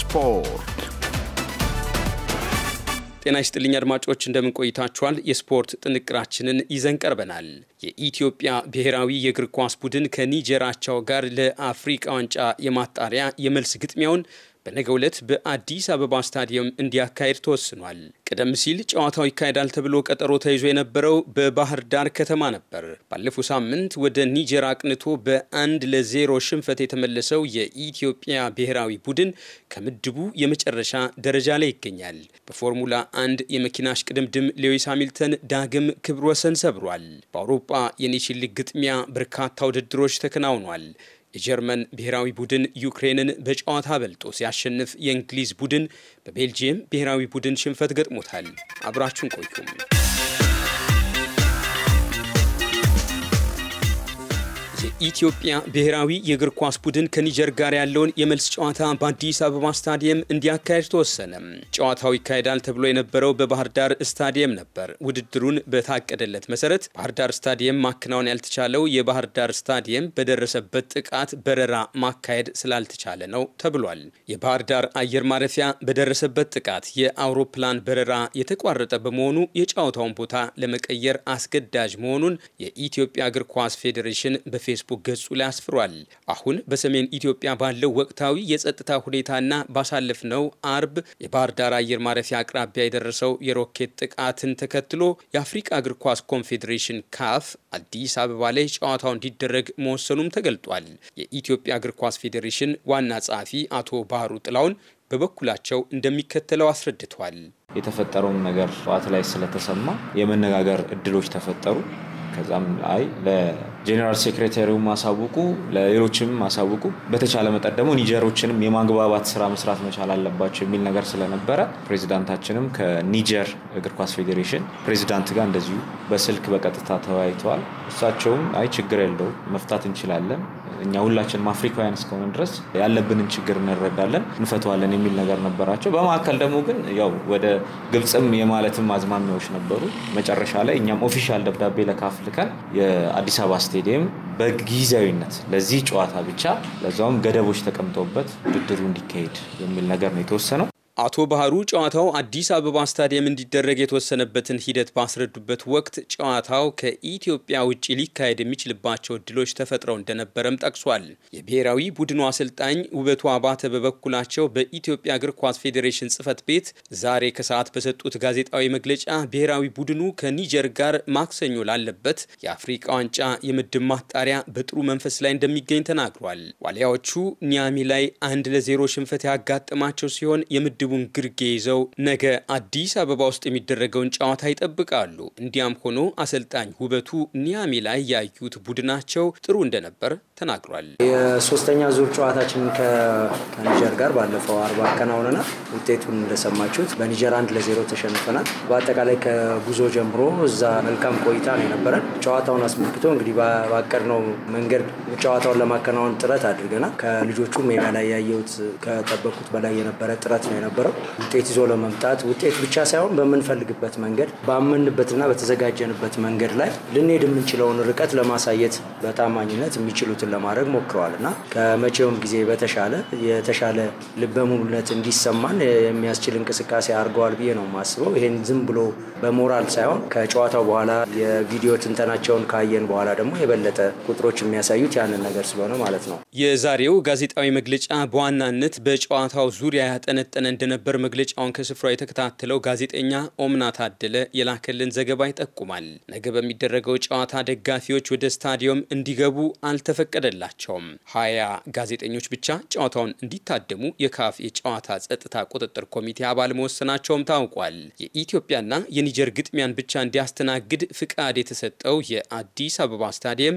ስፖርት ጤና ይስጥልኝ አድማጮች፣ እንደምን ቆይታችኋል? የስፖርት ጥንቅራችንን ይዘን ቀርበናል። የኢትዮጵያ ብሔራዊ የእግር ኳስ ቡድን ከኒጀራቸው ጋር ለአፍሪቃ ዋንጫ የማጣሪያ የመልስ ግጥሚያውን በነገ ዕለት በአዲስ አበባ ስታዲየም እንዲያካሄድ ተወስኗል። ቀደም ሲል ጨዋታው ይካሄዳል ተብሎ ቀጠሮ ተይዞ የነበረው በባህር ዳር ከተማ ነበር። ባለፈው ሳምንት ወደ ኒጀር አቅንቶ በአንድ ለዜሮ ሽንፈት የተመለሰው የኢትዮጵያ ብሔራዊ ቡድን ከምድቡ የመጨረሻ ደረጃ ላይ ይገኛል። በፎርሙላ አንድ የመኪና እሽቅድምድም ሌዊስ ሃሚልተን ዳግም ክብረ ወሰን ሰብሯል። በአውሮፓ የኔሽን ሊግ ግጥሚያ በርካታ ውድድሮች ተከናውኗል። የጀርመን ብሔራዊ ቡድን ዩክሬንን በጨዋታ በልጦ ሲያሸንፍ የእንግሊዝ ቡድን በቤልጅየም ብሔራዊ ቡድን ሽንፈት ገጥሞታል። አብራችሁን ቆዩም። የኢትዮጵያ ብሔራዊ የእግር ኳስ ቡድን ከኒጀር ጋር ያለውን የመልስ ጨዋታ በአዲስ አበባ ስታዲየም እንዲያካሄድ ተወሰነ። ጨዋታው ይካሄዳል ተብሎ የነበረው በባህር ዳር ስታዲየም ነበር። ውድድሩን በታቀደለት መሰረት ባህር ዳር ስታዲየም ማከናወን ያልተቻለው የባህር ዳር ስታዲየም በደረሰበት ጥቃት በረራ ማካሄድ ስላልተቻለ ነው ተብሏል። የባህር ዳር አየር ማረፊያ በደረሰበት ጥቃት የአውሮፕላን በረራ የተቋረጠ በመሆኑ የጨዋታውን ቦታ ለመቀየር አስገዳጅ መሆኑን የኢትዮጵያ እግር ኳስ ፌዴሬሽን በፌስቡክ በፌስቡክ ገጹ ላይ አስፍሯል። አሁን በሰሜን ኢትዮጵያ ባለው ወቅታዊ የጸጥታ ሁኔታና ባሳለፍነው አርብ የባህር ዳር አየር ማረፊያ አቅራቢያ የደረሰው የሮኬት ጥቃትን ተከትሎ የአፍሪቃ እግር ኳስ ኮንፌዴሬሽን ካፍ አዲስ አበባ ላይ ጨዋታው እንዲደረግ መወሰኑም ተገልጧል። የኢትዮጵያ እግር ኳስ ፌዴሬሽን ዋና ጸሐፊ አቶ ባህሩ ጥላውን በበኩላቸው እንደሚከተለው አስረድቷል። የተፈጠረውን ነገር ጠዋት ላይ ስለተሰማ የመነጋገር እድሎች ተፈጠሩ። ከዛም አይ ለጄኔራል ሴክሬታሪው ማሳውቁ፣ ለሌሎችም ማሳውቁ፣ በተቻለ መጠን ደግሞ ኒጀሮችንም የማግባባት ስራ መስራት መቻል አለባቸው የሚል ነገር ስለነበረ ፕሬዚዳንታችንም ከኒጀር እግር ኳስ ፌዴሬሽን ፕሬዚዳንት ጋር እንደዚሁ በስልክ በቀጥታ ተወያይተዋል። እሳቸውም አይ ችግር የለው መፍታት እንችላለን እኛ ሁላችንም አፍሪካውያን እስከሆነ ድረስ ያለብንን ችግር እንረዳለን፣ እንፈተዋለን የሚል ነገር ነበራቸው። በመካከል ደግሞ ግን ያው ወደ ግብፅም የማለትም አዝማሚያዎች ነበሩ። መጨረሻ ላይ እኛም ኦፊሻል ደብዳቤ ለካፍ ልከን የአዲስ አበባ ስቴዲየም በጊዜያዊነት ለዚህ ጨዋታ ብቻ ለዛውም ገደቦች ተቀምጠውበት ውድድሩ እንዲካሄድ የሚል ነገር ነው የተወሰነው። አቶ ባህሩ ጨዋታው አዲስ አበባ ስታዲየም እንዲደረግ የተወሰነበትን ሂደት ባስረዱበት ወቅት ጨዋታው ከኢትዮጵያ ውጭ ሊካሄድ የሚችልባቸው እድሎች ተፈጥረው እንደነበረም ጠቅሷል። የብሔራዊ ቡድኑ አሰልጣኝ ውበቱ አባተ በበኩላቸው በኢትዮጵያ እግር ኳስ ፌዴሬሽን ጽህፈት ቤት ዛሬ ከሰዓት በሰጡት ጋዜጣዊ መግለጫ ብሔራዊ ቡድኑ ከኒጀር ጋር ማክሰኞ ላለበት የአፍሪቃ ዋንጫ የምድብ ማጣሪያ በጥሩ መንፈስ ላይ እንደሚገኝ ተናግሯል። ዋሊያዎቹ ኒያሚ ላይ አንድ ለዜሮ ሽንፈት ያጋጠማቸው ሲሆን የምድቡ ግቡን ግርጌ ይዘው ነገ አዲስ አበባ ውስጥ የሚደረገውን ጨዋታ ይጠብቃሉ። እንዲያም ሆኖ አሰልጣኝ ውበቱ ኒያሜ ላይ ያዩት ቡድናቸው ጥሩ እንደነበር ተናግሯል። የሶስተኛ ዙር ጨዋታችን ከኒጀር ጋር ባለፈው አርባ አከናውነናል። ውጤቱን እንደሰማችሁት በኒጀር አንድ ለዜሮ ተሸንፈናል። በአጠቃላይ ከጉዞ ጀምሮ እዛ መልካም ቆይታ ነው የነበረን። ጨዋታውን አስመልክቶ እንግዲህ ባቀድነው መንገድ ጨዋታውን ለማከናወን ጥረት አድርገናል። ከልጆቹ ሜዳ ላይ ያየሁት ከጠበቁት በላይ የነበረ ጥረት ነው የነበረ የነበረው። ውጤት ይዞ ለመምጣት ውጤት ብቻ ሳይሆን በምንፈልግበት መንገድ ባመንበትና በተዘጋጀንበት መንገድ ላይ ልንሄድ የምንችለውን ርቀት ለማሳየት በታማኝነት የሚችሉትን ለማድረግ ሞክረዋል እና ከመቼውም ጊዜ በተሻለ የተሻለ ልበ ሙሉነት እንዲሰማን የሚያስችል እንቅስቃሴ አድርገዋል ብዬ ነው የማስበው። ይሄን ዝም ብሎ በሞራል ሳይሆን ከጨዋታው በኋላ የቪዲዮ ትንተናቸውን ካየን በኋላ ደግሞ የበለጠ ቁጥሮች የሚያሳዩት ያንን ነገር ስለሆነ ማለት ነው። የዛሬው ጋዜጣዊ መግለጫ በዋናነት በጨዋታው ዙሪያ ያጠነጠነ እንደነበር መግለጫውን ከስፍራው የተከታተለው ጋዜጠኛ ኦምና ታደለ የላከልን ዘገባ ይጠቁማል። ነገ በሚደረገው ጨዋታ ደጋፊዎች ወደ ስታዲየም እንዲገቡ አልተፈቀደላቸውም። ሀያ ጋዜጠኞች ብቻ ጨዋታውን እንዲታደሙ የካፍ የጨዋታ ጸጥታ ቁጥጥር ኮሚቴ አባል መወሰናቸውም ታውቋል። የኢትዮጵያና የኒጀር ግጥሚያን ብቻ እንዲያስተናግድ ፍቃድ የተሰጠው የአዲስ አበባ ስታዲየም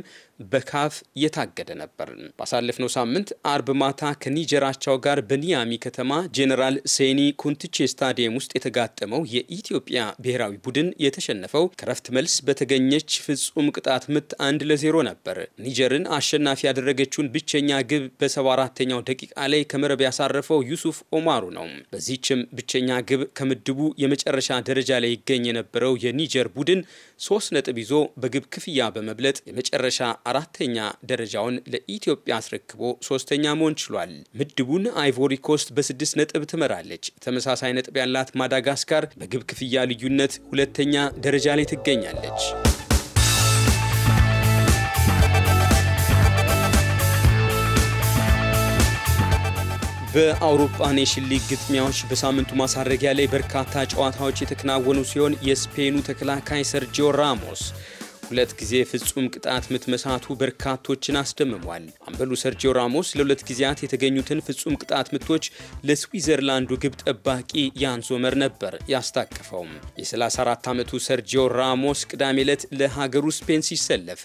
በካፍ የታገደ ነበር። ባሳለፍነው ሳምንት አርብ ማታ ከኒጀራቻው ጋር በኒያሚ ከተማ ጄኔራል ሴኒ ኩንትቼ ስታዲየም ውስጥ የተጋጠመው የኢትዮጵያ ብሔራዊ ቡድን የተሸነፈው ከረፍት መልስ በተገኘች ፍጹም ቅጣት ምት አንድ ለዜሮ ነበር። ኒጀርን አሸናፊ ያደረገችውን ብቸኛ ግብ በሰባ አራተኛው ደቂቃ ላይ ከመረብ ያሳረፈው ዩሱፍ ኦማሩ ነው። በዚህችም ብቸኛ ግብ ከምድቡ የመጨረሻ ደረጃ ላይ ይገኛል ሲገኝ የነበረው የኒጀር ቡድን ሶስት ነጥብ ይዞ በግብ ክፍያ በመብለጥ የመጨረሻ አራተኛ ደረጃውን ለኢትዮጵያ አስረክቦ ሶስተኛ መሆን ችሏል። ምድቡን አይቮሪ ኮስት በስድስት ነጥብ ትመራለች። ተመሳሳይ ነጥብ ያላት ማዳጋስካር በግብ ክፍያ ልዩነት ሁለተኛ ደረጃ ላይ ትገኛለች። በአውሮፓ ኔሽን ሊግ ግጥሚያዎች በሳምንቱ ማሳረጊያ ላይ በርካታ ጨዋታዎች የተከናወኑ ሲሆን የስፔኑ ተከላካይ ሰርጂዮ ራሞስ ሁለት ጊዜ ፍጹም ቅጣት ምት መሳቱ በርካቶችን አስደምሟል። አምበሉ ሰርጂዮ ራሞስ ለሁለት ጊዜያት የተገኙትን ፍጹም ቅጣት ምቶች ለስዊዘርላንዱ ግብ ጠባቂ ያን ዞመር ነበር ያስታቅፈውም የ የ34 ዓመቱ ሰርጂዮ ራሞስ ቅዳሜ ዕለት ለሀገሩ ስፔን ሲሰለፍ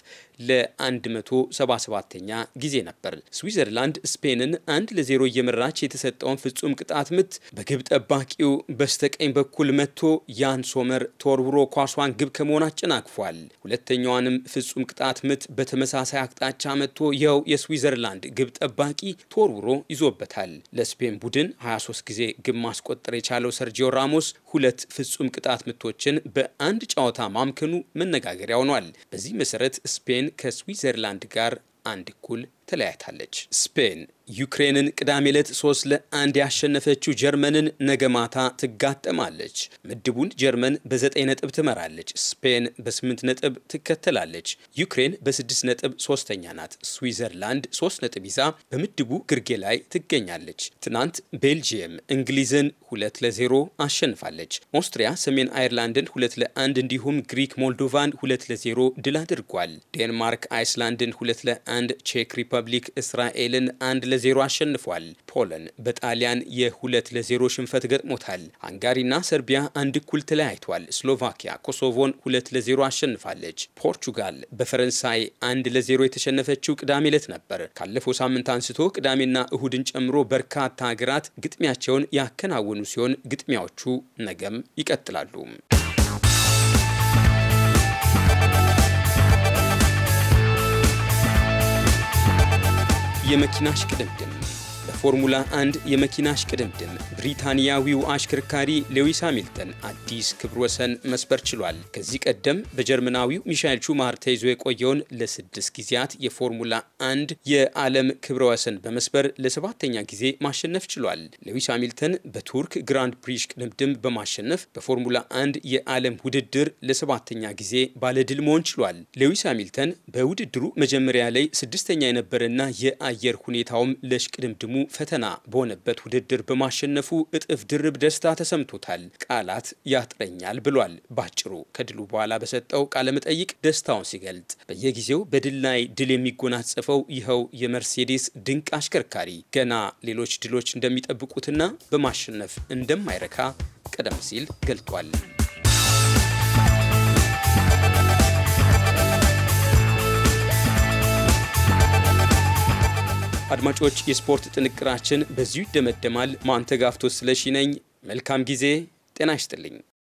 ለ177ኛ ጊዜ ነበር። ስዊዘርላንድ ስፔንን አንድ ለዜሮ እየመራች የተሰጠውን ፍጹም ቅጣት ምት በግብ ጠባቂው በስተቀኝ በኩል መጥቶ ያን ሶመር ተወርውሮ ኳሷን ግብ ከመሆን አጨናቅፏል። ሁለተኛዋንም ፍጹም ቅጣት ምት በተመሳሳይ አቅጣጫ መጥቶ ያው የስዊዘርላንድ ግብ ጠባቂ ተወርውሮ ይዞበታል። ለስፔን ቡድን 23 ጊዜ ግብ ማስቆጠር የቻለው ሰርጂዮ ራሞስ ሁለት ፍጹም ቅጣት ምቶችን በአንድ ጨዋታ ማምከኑ መነጋገሪያ ሆኗል። በዚህ መሰረት ስፔን ከስዊዘርላንድ ጋር አንድ እኩል ተለያይታለች። ስፔን ዩክሬንን ቅዳሜ ዕለት ሶስት ለአንድ ያሸነፈችው ጀርመንን ነገ ማታ ትጋጠማለች። ምድቡን ጀርመን በዘጠኝ ነጥብ ትመራለች። ስፔን በስምንት ነጥብ ትከተላለች። ዩክሬን በስድስት ነጥብ ሶስተኛ ናት። ስዊዘርላንድ ሶስት ነጥብ ይዛ በምድቡ ግርጌ ላይ ትገኛለች። ትናንት ቤልጂየም እንግሊዝን ሁለት ለዜሮ አሸንፋለች። ኦስትሪያ ሰሜን አይርላንድን ሁለት ለአንድ እንዲሁም ግሪክ ሞልዶቫን ሁለት ለዜሮ ድል አድርጓል። ዴንማርክ አይስላንድን ሁለት ለአንድ ቼክ ሪፐብሊክ እስራኤልን አንድ ለ ለዜሮ አሸንፏል። ፖለን በጣሊያን የሁለት ለዜሮ ሽንፈት ገጥሞታል። አንጋሪና ሰርቢያ አንድ እኩል ተለያይቷል። ስሎቫኪያ ኮሶቮን ሁለት ለዜሮ አሸንፋለች። ፖርቹጋል በፈረንሳይ አንድ ለዜሮ የተሸነፈችው ቅዳሜ ዕለት ነበር። ካለፈው ሳምንት አንስቶ ቅዳሜና እሁድን ጨምሮ በርካታ ሀገራት ግጥሚያቸውን ያከናወኑ ሲሆን ግጥሚያዎቹ ነገም ይቀጥላሉ። yemek aşk edip ፎርሙላ አንድ የመኪና እሽቅድምድም ብሪታንያዊው አሽከርካሪ ሌዊስ ሃሚልተን አዲስ ክብር ወሰን መስበር ችሏል። ከዚህ ቀደም በጀርመናዊው ሚሻኤል ሹማር ተይዞ የቆየውን ለስድስት ጊዜያት የፎርሙላ አንድ የዓለም ክብረ ወሰን በመስበር ለሰባተኛ ጊዜ ማሸነፍ ችሏል። ሌዊስ ሃሚልተን በቱርክ ግራንድ ፕሪሽ ቅድምድም በማሸነፍ በፎርሙላ 1 የዓለም ውድድር ለሰባተኛ ጊዜ ባለድል መሆን ችሏል። ሌዊስ ሃሚልተን በውድድሩ መጀመሪያ ላይ ስድስተኛ የነበረና የአየር ሁኔታውም ለሽቅድምድሙ ፈተና በሆነበት ውድድር በማሸነፉ እጥፍ ድርብ ደስታ ተሰምቶታል። ቃላት ያጥረኛል ብሏል። ባጭሩ ከድሉ በኋላ በሰጠው ቃለ መጠይቅ ደስታውን ሲገልጥ በየጊዜው በድል ላይ ድል የሚጎናጸፈው ይኸው የመርሴዴስ ድንቅ አሽከርካሪ ገና ሌሎች ድሎች እንደሚጠብቁትና በማሸነፍ እንደማይረካ ቀደም ሲል ገልጧል። አድማጮች፣ የስፖርት ጥንቅራችን በዚሁ ይደመደማል። ማንተጋፍቶ ስለሺ ነኝ። መልካም ጊዜ። ጤና ይስጥልኝ።